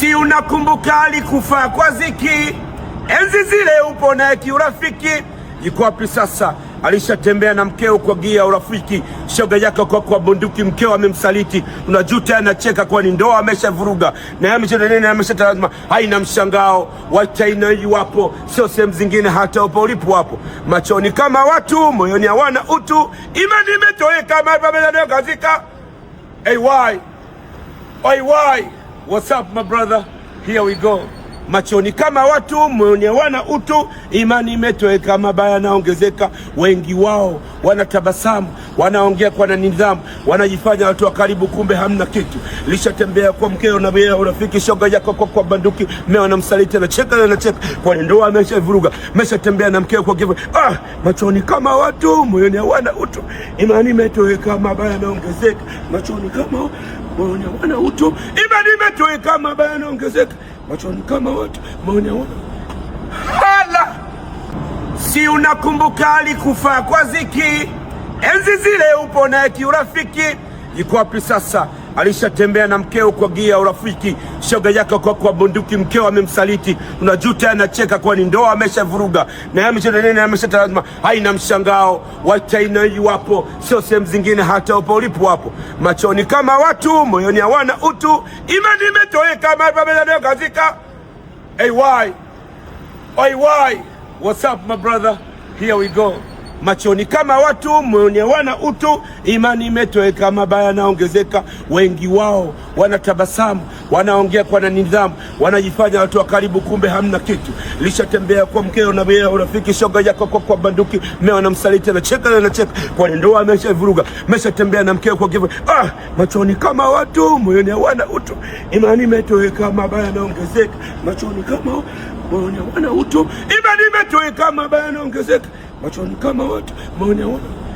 si unakumbuka alikufa kwa ziki, enzi zile upo naye kiurafiki, yuko wapi sasa? Alishatembea na mkeo kwa gia urafiki, shoga yake kwa kwa bunduki, mkeo amemsaliti, unajuta, anacheka ni ndoa ameshavuruga na ameshatanena, ameshatalazima. Haina mshangao, wachaina wapo, sio sehemu zingine, hata upo ulipo wapo. Machoni kama watu, moyoni hawana utu, imani imetoweka, kazika ay What's up, my brother? Here we go. machoni kama watu mwenye wana utu, imani imetoweka, mabaya yanaongezeka. Wengi wao wanatabasamu, wanaongea kwa na nidhamu, wanajifanya watu wa karibu, kumbe hamna kitu. Lishatembea kwa mkeo na bila urafiki, shoga yako kwa kwa banduki, mmeo anamsaliti, anacheka na anacheka, kwa ndoa ameshavuruga, ameshatembea na mkeo kwa hivyo. Ah, machoni kama watu mwenye wana utu, imani imetoweka, mabaya yanaongezeka. Machoni kama mwenye wana utu, imani imetoweka, mabaya yanaongezeka machoni kama watu maoni. Hala, si unakumbuka alikufa kwa ziki, enzi zile upo naye kiurafiki, iko wapi sasa? alishatembea na mkeo kwa gia ya urafiki, shoga yake kwa kwa bunduki, mkeo amemsaliti. Unajuta, anacheka kwani ndoa ameshavuruga na ameshatanena, ameshatalazima. Haina mshangao, wachaina hii sio sehemu zingine, hata upo ulipo wapo. Machoni kama watu, moyoni hawana utu, imani imetoweka, mahali pamezaliwa kazika. why? why? What's up my brother? Here we go machoni kama watu mwenye wana utu, imani imetoweka, mabaya yanaongezeka. Wengi wao wanatabasamu, wanaongea kwa na nidhamu, wanajifanya watu wa karibu, kumbe hamna kitu. Lishatembea kwa mkeo na bila urafiki, shoga yako kwa kwa banduki, mimi na cheka na cheka kwa ndoa ameshavuruga. ameshatembea na mkeo kwa kivu, ah, machoni kama watu mwenye wana utu, imani imetoweka, mabaya yanaongezeka. Machoni kama mwenye wana utu, imani imetoweka, mabaya yanaongezeka machoni kama watu maoni yaona